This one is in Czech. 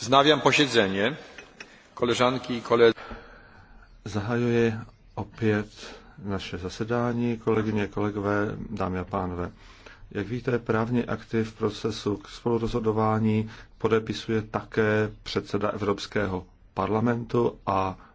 wznawiam posiedzenie koleżanki i koledzy Zahajuji opět naše zasedání, kolegyně, kolegové, dámy a pánové. Jak víte, právní aktiv procesu k spolurozhodování podepisuje také předseda Evropského parlamentu a